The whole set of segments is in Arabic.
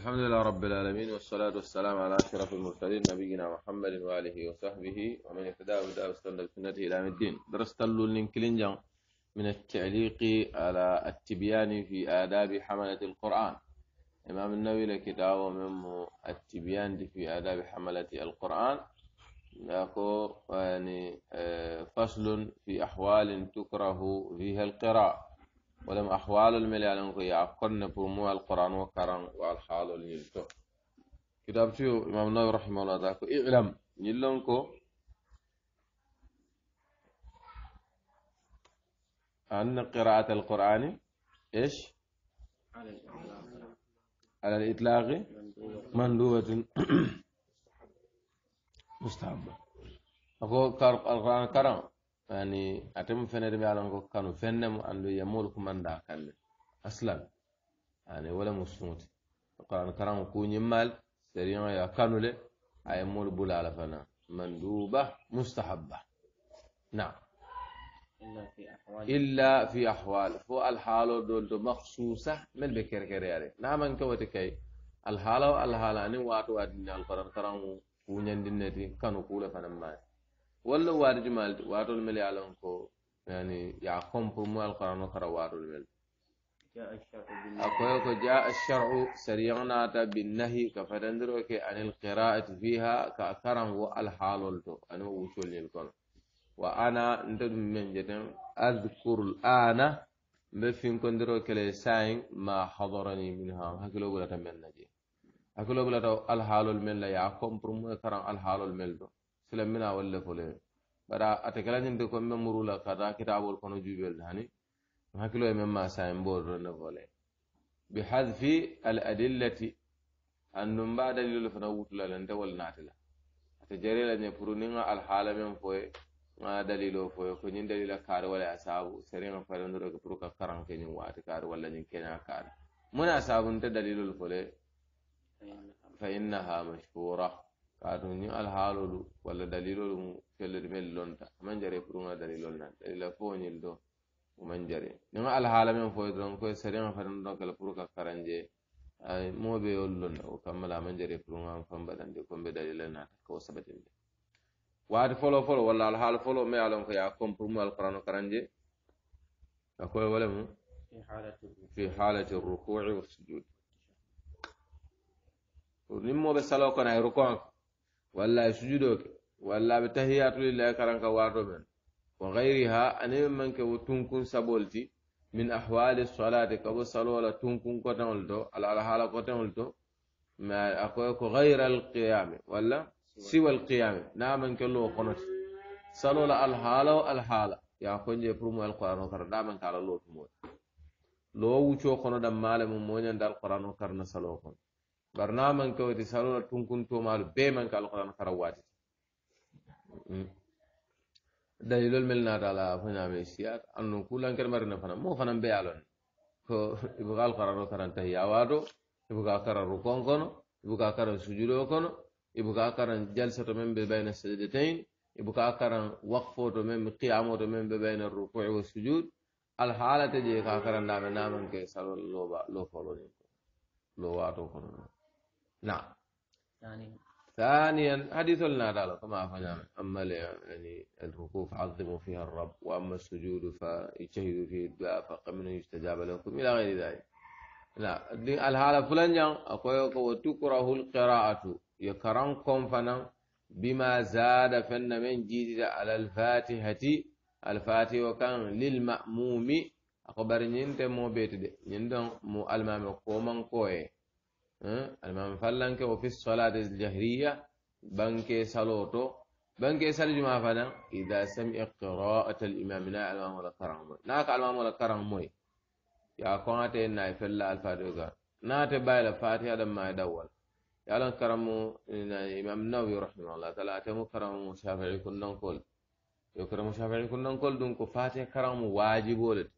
الحمد لله رب العالمين والصلاة والسلام على أشرف المرسلين نبينا محمد وآله وصحبه ومن اهتدى بهداه واستنى بسنته إلى الدين درست اللينكلين من التعليق على التبيان في آداب حملة القرآن إمام النووي لكتابه من التبيان في آداب حملة القرآن يعني آه، فصل في أحوال تكره فيها القراءة ولم أحوال الملي على يعقرن بمو القرآن وكرم والحال كتاب كتابتيو إمام النووي رحمه الله ذاك إعلم يلونكو أن قراءة القرآن إيش على الإطلاق مندوبة مستحبة أقول القرآن كرم يعني أتم فنر بيعلم كانوا فنم عنده يمول كمان دا كله أصلا يعني ولا مسموت القرآن كرام كوني مال سريان يا كانوا له أي مول بولا على فنا مندوبة مستحبة نعم إلا في أحوال فو الحالو دول دو مخصوصة من بكر كري عليه نعم أنك وتكي الحالو الحالاني يعني واتو أدنى القرآن كرام كوني ندي كانوا كولا فنم مال ولا وارج مال وارو الملي على انكو يعني يا قوم قوموا القران اقرا وارو الملي أقول الشرع اقوي كو جاء الشرع سريعنا بالنهي كفدندرو كي ان القراءه فيها كاثرم والحال تو انا وصول للكون وانا انت من جتم اذكر الان مفين كندرو كلي ساين ما حضرني منها هكلو بلا تمنجي هكلو بلا الحال الملي يا قوم قوموا القران الحال الملي silammina wol le fo le bara ate kalañinde ko men murula kata kitabol kono juɓel hani hakkilo e men ma sayin bool to ne fole bi hadfi al adillati annum mba dalilol fana wutulale nte wol naatila ate jarelañe pour ni ga alhaala men foye ga dalilo foye ko ñin dalila kaari wala a saabu seriga farendoroke pour ka karanke ñin waati kaari walla ñin keña kaari muna saabu nte dalilol fole fa innaha mashkura kaatu ñiŋ alhaalolu walla dalilolu mu fellodi meŋ lonta a maŋ jare kuruŋa dalilolu na dalila foñil do o maŋ jare niŋ alhaala meŋ foye doroŋ koye sariŋa fanaŋ doroŋ kala pour ka karanje moo be yolu lonta o kamma la a maŋ jare kuruŋa faŋ badandi kombe dalila naata ka wo sabatindi waati foloo foloo walla alhaala foloo meŋ ye a loŋ ko ye a komporumu alkurano karanje a koye wo le mu fi haalati rukui wasujud niŋ moo be saloo kono a ye rukoŋa ولا سجودك ولا بتهيات لله كرنك واربن وغيرها أنا من كو تنكن سبولتي من أحوال الصلاة كو صلوة تنكن كتنولتو على حالة كتنولتو ما أكو غير القيام ولا سوى القيام نعم كلو قنوت صلوة الحالة والحالة يا خنجي برمو القرآن وكرا نعم كالله لو وچو قنو دم مال ممونين دار القرآن وكرنا صلوة قنو bari na man ke wote salo la tunkuntomalu bee man ke alquran kara waati dalilol mel naata la fo ñaame siyat annu kulankere marina fana mo fanan bee alon ko ibuka alqurano karan tahiya waato ibuka karan rukon kono ibuka karan sujudo kono ibuka karan jalsato men be bayna sajdatain ibuka karan wakfoto men qiyamoto men be bayna rukui wa sujud alhaalate je ka karan ndame naman ke salo lo foloni lo waato kono نعم ثانيا ثانيا حديث لنا ذلك ما فنعم أما يعني الوقوف عظموا فيها الرب وأما السجود فاجتهدوا فيه الدعاء فمنه يستجاب لكم إلى غير ذلك نعم. لا الحالة فلان جان أقول وتكره القراءة يكرنكم فنا بما زاد فن من جيد على الفاتحة الفاتحة وكان للمأموم أخبر نينت مو بيت دي نينت مو المام كومن كوي المام فلان كه وفي الصلاة الجهرية بنك سلوتو بنك سل جماعة إذا سمع قراءة الإمام نا المام ولا كرام ناك المام ولا كرام موي يا قوات إن فلا الفاتحة نات بايل الفاتحة دم ما يدور يا لن كرام الإمام نوي رحمه الله تعالى أتم كرام مشافع يكون نقول يكرم مشافع يكون نقول دونك فاتحة كرام واجب ولد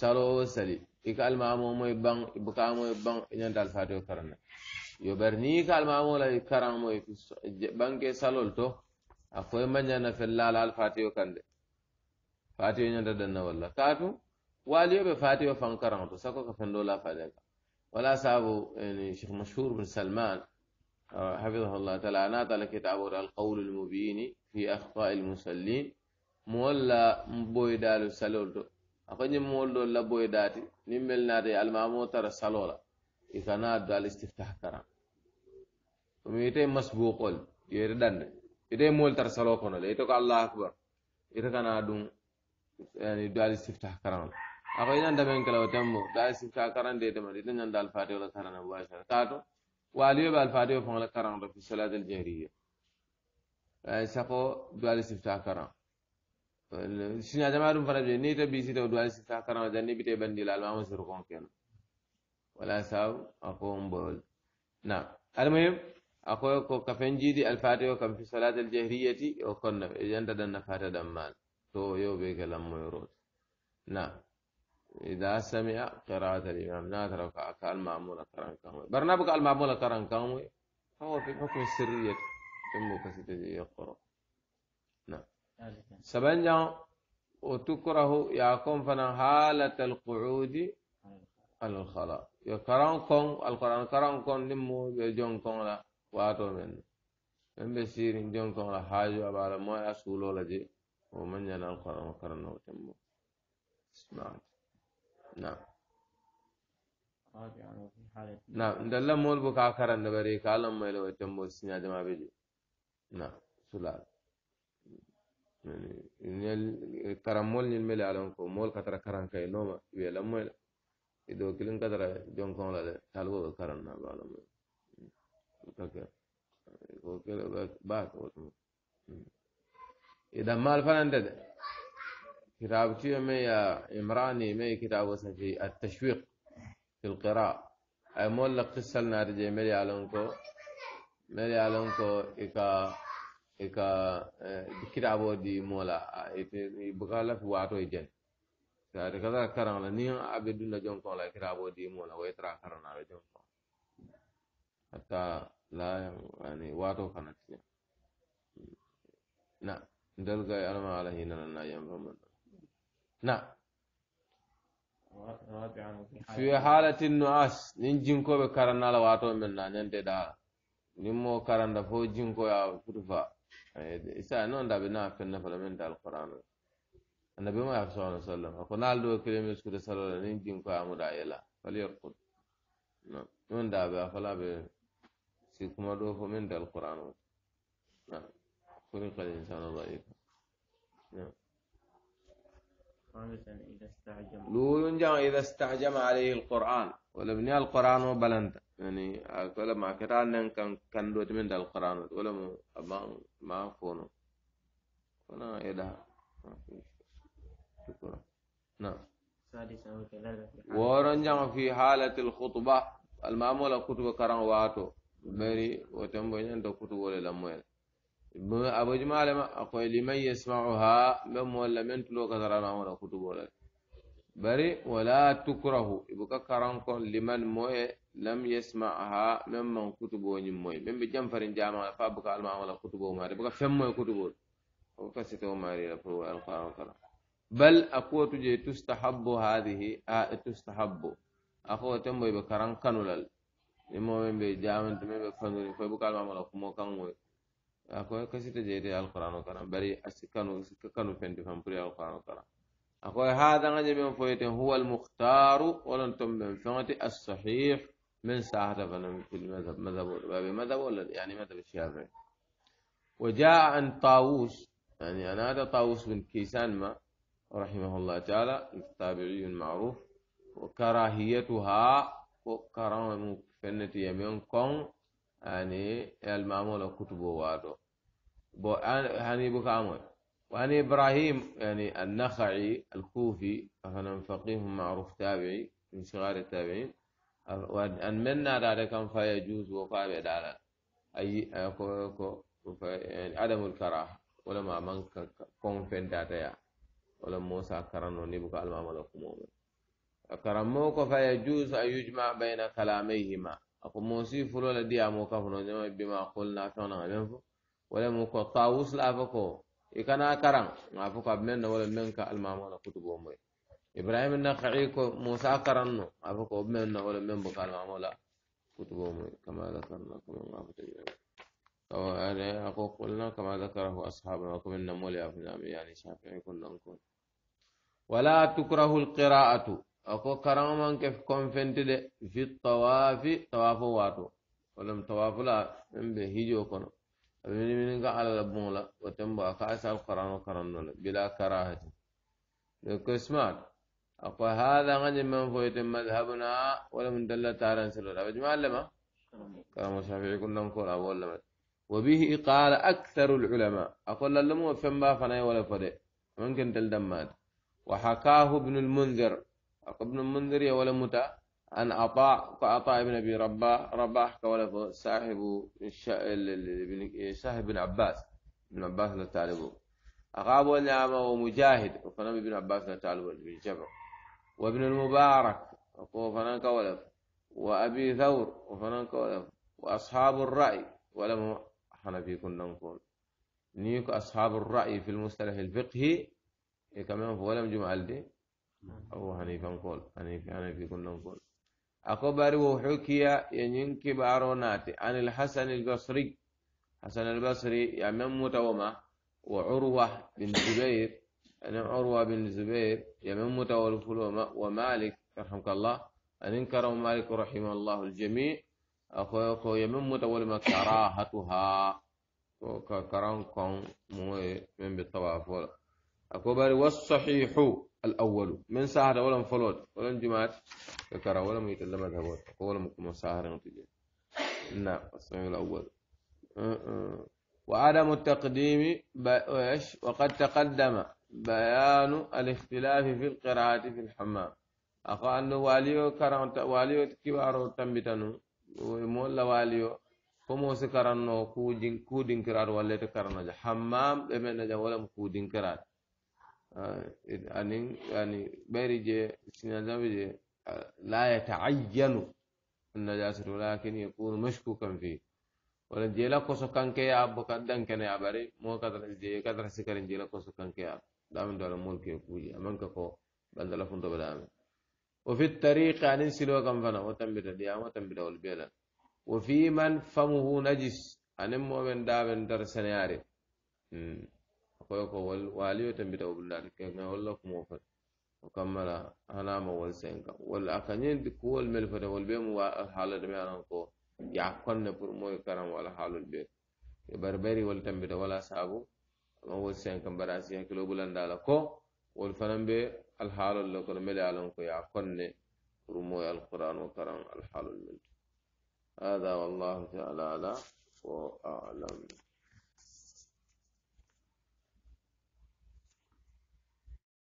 سلو سلي ika almamomo moy bang bukamo moy bang ñan dal alfati karana yo ber ni ka almamola la karanmo moy banke salol to a koye mañana fellala alfati o kande ñan o ñanta danna walla kaatu yo be o fan karam to sako ka fendola la ka wala sabu ni sheikh mashhur bin salman hafidahullah taala anatala kitabore alqawlu lmubini fi akhta lmusallin mo مولا مبوي salol to ako ñiŋ moolu doolu la boyi daati niŋ melu naata ye alimamoo tara saloo la i ka naa do al istiftah karan komi ite masbuuqol yo ite dande ite moolu tara saloo kono le ite ko allah akbar ite ka naa duŋ yani do al istiftah karan la ako i ñanta meŋ kela wo tembo do al istiftah karan de ite ma ite ñanta alfatio la karana mubashara kaato waaliyo be alfatio faŋo la karan to fi salatil jahriya sako do al istiftah karan سنة دمارم فرنجي نيتا بيسي تو على سي ساكرا وجاني بيتي بندي لالما مصر كونكين ولا ساو أقوم بول نعم المهم أقوى كو كفين جيدي الفاتحة كم في صلاة الجهرية وكنا إجانتا دن نفاتة دمال تو يو بيك لما يروت نعم إذا سمع قراءة الإمام ناترا كأكا المامولة كران كاموي برنابك المامولة كران كاموي هو في حكم السرية تمو كسيتي يقرأ سبنجا وتكره ياكم فنا حالة القعود على الخلاء يكران كون القرآن كران كون نمو جون كون لا واتو من من بسير جون كون لا حاجة على ما أسولو لجي ومن ينا القرآن كران وتمو سمعت نعم نعم, نعم. دلم مول بكا كران دبري كالم ميلو تمو سنيا جما بيجي نعم سلال karamol ñin mele alon ko mol katara karan kay noma be la moy la ido kilin katara jon kon la de talbo karan na ba la moy kaka ko kele ba ko ida mal fanande de كتاب تيو مي إمراني مي كتاب وسن في التشويق في القراءة أي مول لقصة لنا رجي ملي علونكو ملي علونكو إكا ika kitaaboo di moola buka lafi waatoy jen sade kasa karaŋ la niŋ a be dunla jonkoŋ la kitaaboo di moola wo yetara karaŋ na la jonkoŋ hatta la ani waato kana tiña na ndel gay alama ala hinana na yanfaman na fi halati nuas niŋ jinkoɓe karanna la waato men na ñante daala niŋ moo karanda fo jinkoya futufa isa noon da ɓe naa fenna fala men da alqur'an annabi ma yafa sallallahu alaihi wasallam ko naal do kire mi skude sallallahu alaihi din ko amuda yela fal yarqud no non da ba fala be si kuma do fo men da alqur'an no kuri qal insanu dhaif no لولون جان إذا استعجم عليه القرآن ولا بني القرآن وبلنت يعني ولا ما ان كان كان دوت من القرآن ولا ما ما فونو هنا إذا شكرا نعم ورنجان في حالة الخطبة المامولة كتب كران واتو بري وتنبين أنت ولا للمويل abojumaalema akoye liman yasmauha men molla men tulo kasarana wona kutuɓola bari wala tukrahu ibuka karankon liman moye lam yasmaha men man kutuboñin moye men ɓe jam farin jamaa fa buka alma wala kutubo mari buka femmoye kutubol oko kasitoo marira pour alquran kara bal akuwotuje tustahabu hadihi e tustahabu akowo temboye ɓe karan kanulal imo men ɓe jamante men ɓe fanuri foy buka alma wala kumo kanmoye ako kasita jeede alqur'ano kana bari asikanu kanu fendi fam puri alqur'ano kana ako hada ngaje ben foyete huwa almukhtar wala tum ben fati as-sahih min ساعة فنم في المذهب مذهب باب wala yani يعني مذهب الشافعي وجاء عن طاووس يعني أنا هذا طاووس بن كيسان ما رحمه الله تعالى تابعي معروف وكراهيتها وكرامة فنتي يمين كون يعني المامو لو كتبه وادو بو هاني بكامو وهني إبراهيم يعني النخعي الكوفي أفنان فقيه معروف تابعي من صغار التابعين وأن منا ذلك فيجوز وفاء دالا أي يعني عدم الكراهة ولا ما من كون فين داتيا ولا موسى كرنو نبقى المامو لكم كرموك فيجوز أن يجمع بين كلاميهما ako moosi fulo la diyamo kafuno ñama bima qulna fewna nga men fo wala mu ko tawus la fa ko i kana karan nga fo ko men wala men ka almamo na kutubo moy ibrahim na kha'i ko musa karan no afa ko men na wala men bokal almamo la kutubo moy kama zakarna kama nga fo tabi أو أنا أقول قلنا كما ذكره أصحابنا وكم النمول يعني شافعي كنا نقول ولا تكره القراءة أكو كرام كيف كون فنتي في الطواف طواف واتو ولم طواف لا من بهيجو كنا أبني من على لبولا وتنبا كاس القرآن كرام بلا كراهة لكسمات أكو هذا غني من فويت مذهبنا ولم دل تارن سلولا بجمع لما كلام الشافعي كلهم أول لما وبه قال أكثر العلماء أقول لهم فما فناي ولا فدي ممكن تلدمات وحكاه ابن المنذر ابن المنذر ولا متى ان عطاء عطاء بن ابي رباح رباح قال صاحب صاحب بن عباس ابن عباس لا تعلمه أغاب نعم ومجاهد وفنان ابن عباس لا تعلمه بن جبر وابن المبارك وفنان كولف وأبي ثور وفنان كولف وأصحاب الرأي ولم حنفي كنا نقول نيك أصحاب الرأي في المصطلح الفقهي إيه كمان ولم جمع الدين نعم. أبو حنيفة نقول حنيفة كنا نقول أخبر وحكي ينكي باروناتي عن الحسن البصري حسن البصري يعني متوما وعروة بن زبير أنا عروة بن زبير يعني متوال فلوما ومالك رحمك الله أن انكر مالك رحمه الله الجميع أخو أخو يمن يعني ما كراهتها كرانكم من بالطواف أخو والصحيح الأول من سهر ولم فلوت ولم جمعت ككرا ولم يتلم ذهبوت ولم كما سهر نتيجة نعم السميع الأول أه، أه. وعدم التقديم بايش وقد تقدم بيان الاختلاف في القراءة في الحمام أخو أنه واليو كرم واليو كبار تنبتنو ومولا واليو فمو سكرنو كودين كودين كرار ولا تكرنا حمام لمن ولا كودين كرار أنين يعني بيرجي سنادبجي لا يتعين النجاسة ولكن يكون مشكوكا فيه wala jela koso kanke ya bo kaddan kene ya bare mo kadara je kadara sikarin jela koso kanke ya dam dole mulke kuji aman ka ko bandala fun to badame wa fi tariq an silo kam fana wa tambita diya wa tambita wal bela wa fi man famuhu najis anem mo men daben dar sanare hmm koyo ko waliyo tambita wo bululati keŋa walla kumo fata o kammala hanama wol senka walla a kañen kuwol mel fata wol ɓe mu haalade me anan ko ya konne pour moye karan wala haalol ɓe e barbari wol tambita wala saabu ama wol senka mbaɗa si hakkilo bulandala ko wol fanan ɓe alhaalol le kono mbeɗe alan ko ya konne pour moye alquran o karan alhaalol men هذا والله تعالى أعلم